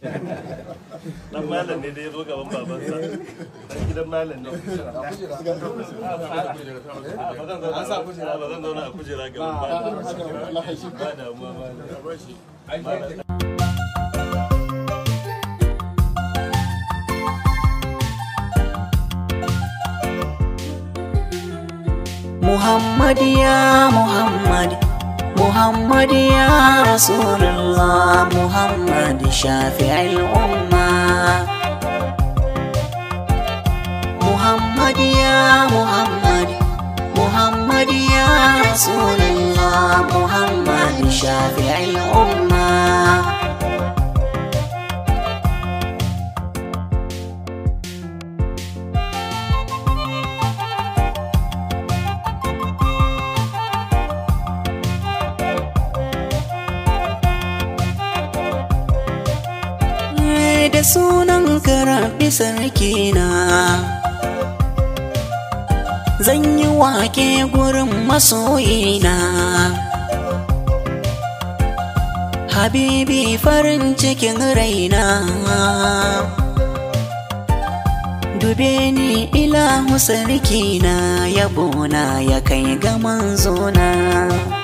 malam Muhammad ya Muhammad Muhammad ya Rasulullah shafi umma Muhammad ya Muhammad Muhammad ya Rasulullah Muhammad shafi al'umma da sunan karaɗi sarki na zan yi wake gurin masoyina habibi farin cikin raina dube ni ilahu sarki na yabona ya kai ga manzona